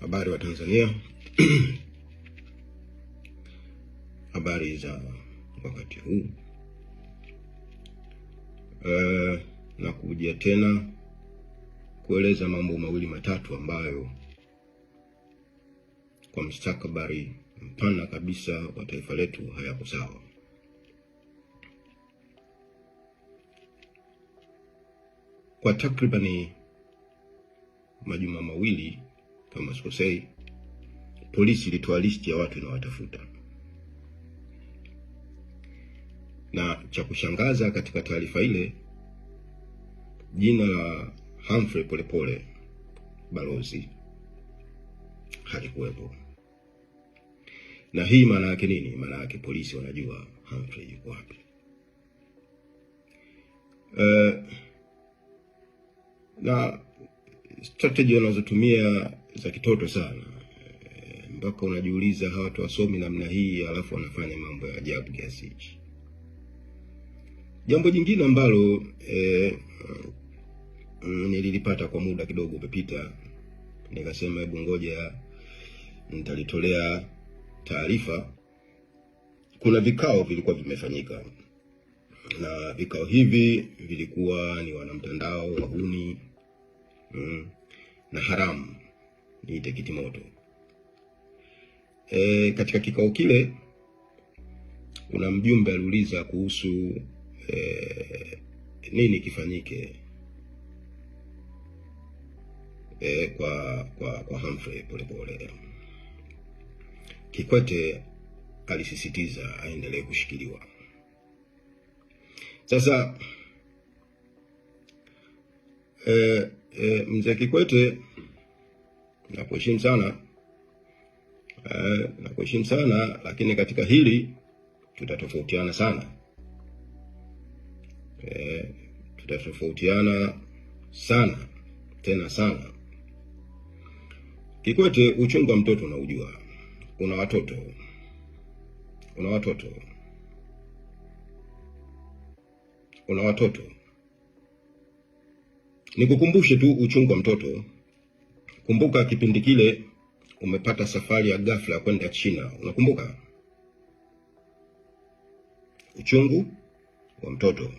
Habari wa Tanzania habari za wakati huu. E, eh, kuja tena kueleza mambo mawili matatu ambayo kwa mstakabari mpana kabisa wa taifa letu hayako sawa. Kwa takribani majuma mawili kama sikosei, polisi ilitoa listi ya watu inawatafuta. Na cha kushangaza katika taarifa ile, jina la Humphrey Polepole balozi halikuwepo. Na hii maana yake nini? Maana yake polisi wanajua Humphrey yuko wapi. Uh, na strategy wanazotumia za kitoto sana eh, mpaka unajiuliza hawa watu wasomi namna hii, alafu wanafanya mambo ya ajabu kiasi hichi. Jambo jingine ambalo e, nililipata kwa muda kidogo umepita, nikasema hebu ngoja nitalitolea taarifa. Kuna vikao vilikuwa vimefanyika, na vikao hivi vilikuwa ni wanamtandao wahuni mm, na haramu niite kitimoto. E, katika kikao kile kuna mjumbe aliuliza kuhusu e, nini kifanyike e, kwa kwa kwa Humphrey Polepole. Kikwete alisisitiza aendelee kushikiliwa. Sasa e, e, mzee Kikwete nakuheshimu sana eh, nakuheshimu sana lakini katika hili tutatofautiana sana eh, tutatofautiana sana tena sana. Kikwete, uchungu wa mtoto unaujua, una watoto, una watoto, una watoto. Nikukumbushe tu uchungu wa mtoto Kumbuka kipindi kile umepata safari ya ghafla kwenda China, unakumbuka? Uchungu wa mtoto.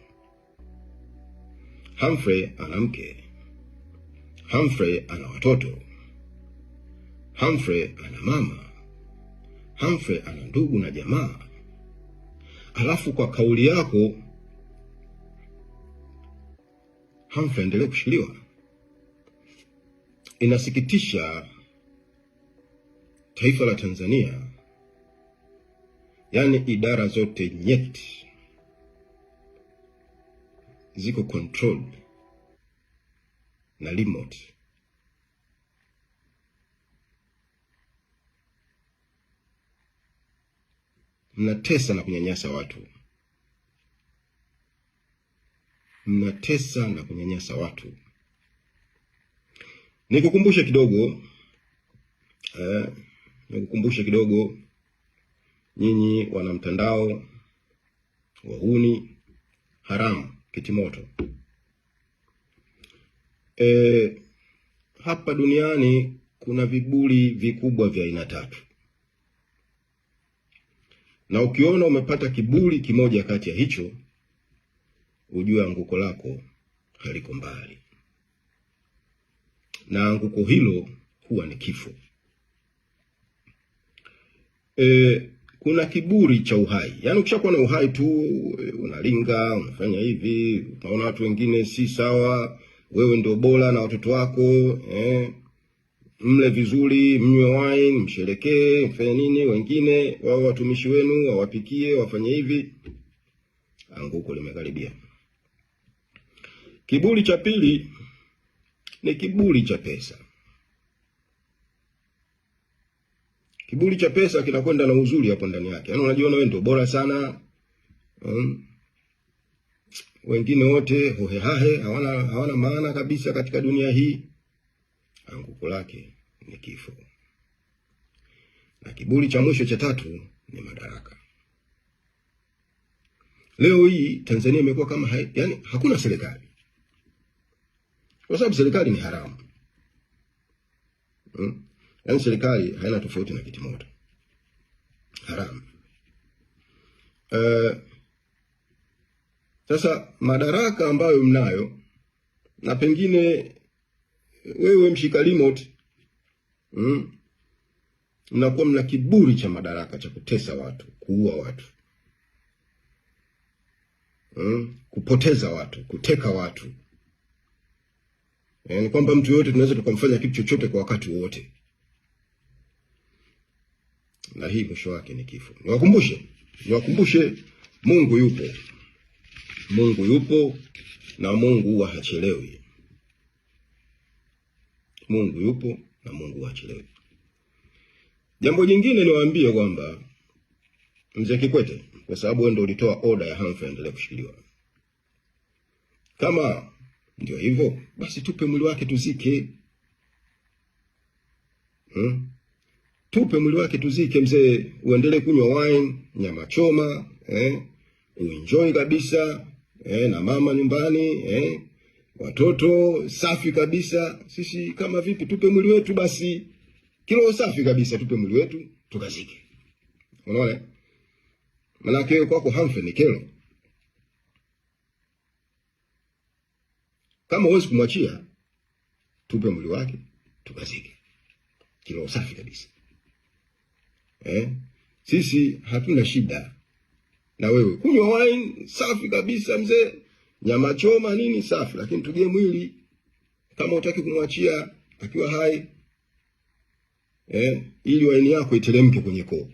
Humphrey ana mke. Humphrey ana watoto. Humphrey ana mama. Humphrey ana ndugu na jamaa. Alafu kwa kauli yako Humphrey endelee kushikiliwa. Inasikitisha taifa la Tanzania, yaani idara zote nyeti ziko control na remote. Mnatesa na kunyanyasa watu, mnatesa na kunyanyasa watu. Nikukumbushe kidogo eh, nikukumbushe kidogo nyinyi wana mtandao wahuni haramu kitimoto. E, hapa duniani kuna vibuli vikubwa vya aina tatu, na ukiona umepata kibuli kimoja kati ya hicho, ujue anguko lako haliko mbali na anguko hilo huwa ni kifo. E, kuna kiburi cha uhai, yaani ukishakuwa na uhai tu e, unalinga, unafanya hivi, unaona watu wengine si sawa, wewe ndio bora na watoto wako eh, mle vizuri, mnywe wine, msherekee, mfanye nini, wengine wao watumishi wenu wawapikie, wafanye hivi. Anguko limekaribia. Kiburi cha pili ni kiburi cha pesa. Kiburi cha pesa kinakwenda na uzuri hapo ndani yake, yaani unajiona wewe ndio bora sana um, wengine wote hohehahe hawana hawana maana kabisa katika dunia hii. Anguko lake ni kifo, na kiburi cha mwisho cha tatu ni madaraka. Leo hii Tanzania imekuwa kama hai, yani hakuna serikali kwa sababu serikali ni haramu hmm? Yaani serikali haina tofauti na moto haramu. Uh, sasa madaraka ambayo mnayo na pengine wewe mshika remote mm, mnakuwa mna kiburi cha madaraka cha kutesa watu, kuua watu hmm? kupoteza watu, kuteka watu. E, ni kwamba mtu yoyote tunaweza tukamfanya kitu chochote kwa wakati wowote, na hii mwisho wake ni kifo. Niwakumbushe, niwakumbushe, Mungu yupo, Mungu yupo na Mungu huwa hachelewi. Mungu yupo na Mungu huwa hachelewi. Jambo jingine niwaambie kwamba Mzee Kikwete, kwa sababu wewe ndio ulitoa oda ya Humphrey endelee kushikiliwa kama ndio hivyo basi, tupe mwili wake tuzike, hmm? Tupe mwili wake tuzike, mzee, uendelee kunywa wine, nyama choma, eh? Uenjoy kabisa eh, na mama nyumbani eh? Watoto safi kabisa. Sisi kama vipi, tupe mwili wetu basi, kilo safi kabisa, tupe mwili wetu tukazike. Unaona, eh? manake kwako hamfe ni kero Kama huwezi kumwachia, tupe mwili wake tukazike, kiroho safi kabisa eh? Sisi hatuna shida na wewe, kunywa wine safi kabisa mzee, nyama choma nini safi, lakini tujie mwili kama utaki kumwachia akiwa hai eh, ili waini yako iteremke kwenye koo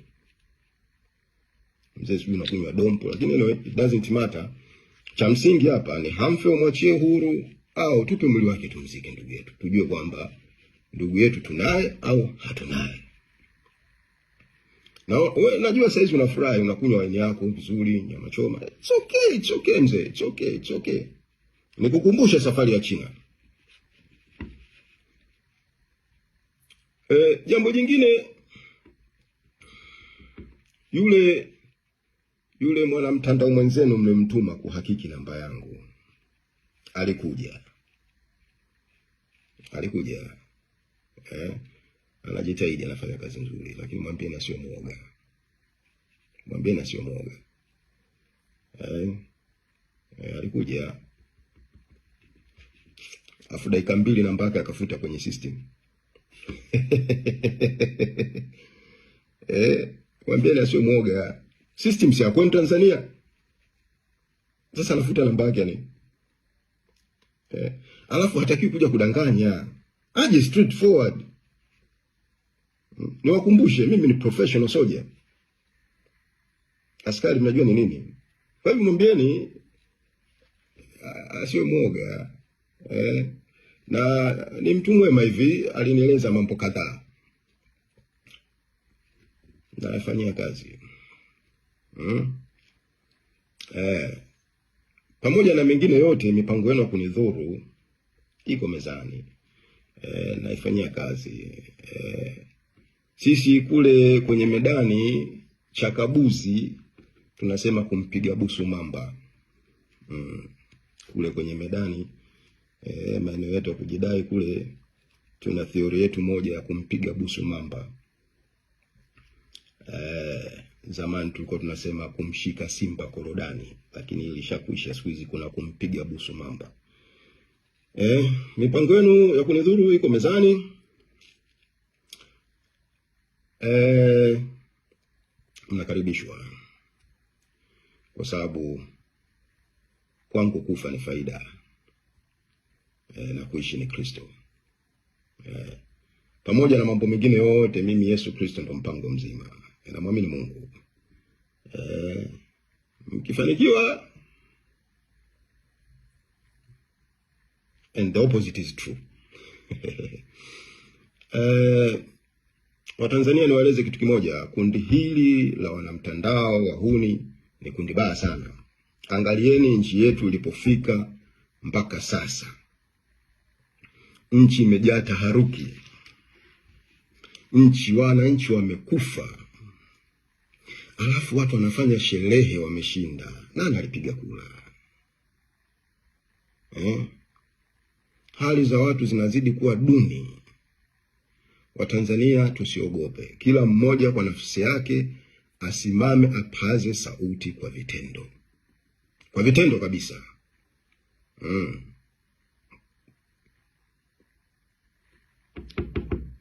mzee, sijui unakunywa dompo, lakini anyway, it doesn't matter. Cha msingi hapa ni hamfe, umwachie huru au ah, tupe mwili wake tumzike ndugu yetu, tujue kwamba ndugu yetu tunaye au hatunaye. Na we, najua sasa hizi unafurahi, unakunywa waini yako vizuri, nyama choma. It's okay, it's okay mzee, it's okay, it's okay. Nikukumbushe safari ya China. E, jambo jingine yule yule mwanamtandao mwenzenu mmemtuma kuhakiki namba yangu alikuja alikuja eh, anajitahidi anafanya kazi nzuri, lakini mwambie na sio mwoga, mwambie na sio mwoga eh, eh, alikuja afu dakika mbili na mpaka akafuta kwenye system eh, mwambie na sio mwoga, system si ya kwenu Tanzania. Sasa anafuta namba yake yani eh. Alafu hatakiwi kuja kudanganya, aje straight forward. Mm, niwakumbushe, mimi ni professional soldier, askari mnajua ni nini. Kwa hivyo mwambieni asiwe mwoga eh. Na ni mtu mwema hivi, alinieleza mambo kadhaa nafanyia kazi hmm. eh. Pamoja na mengine yote, mipango yenu ya kunidhuru iko mezani e, naifanyia kazi e. Sisi kule kwenye medani chakabuzi tunasema kumpiga busu mamba mm. Kule kwenye medani e, maeneo yetu ya kujidai kule, tuna theoria yetu moja ya kumpiga busu mamba e zamani tulikuwa tunasema kumshika simba korodani, lakini ilishakuisha. Siku hizi kuna kumpiga busu mamba. eh, mipango yenu ya kunidhuru iko mezani. eh, mnakaribishwa kwa sababu kwangu kufa ni faida e, na kuishi ni Kristo e, pamoja na mambo mengine yote. Mimi Yesu Kristo ndo mpango mzima, e, namwamini Mungu. Eh, mkifanikiwa, and the opposite is true eh, Watanzania niwaeleze kitu kimoja, kundi hili la wanamtandao wahuni ni kundi baya sana. Angalieni nchi yetu ilipofika mpaka sasa, nchi imejaa taharuki, nchi wananchi wamekufa Alafu watu wanafanya sherehe, wameshinda. Nani alipiga kura eh? Hali za watu zinazidi kuwa duni. Watanzania tusiogope, kila mmoja kwa nafsi yake asimame, apaze sauti kwa vitendo, kwa vitendo kabisa mm.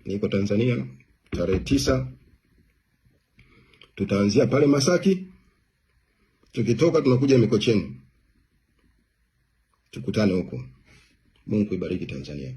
Niko Tanzania tarehe tisa Tutaanzia pale Masaki, tukitoka tunakuja Mikocheni, tukutane huko. Mungu ibariki Tanzania.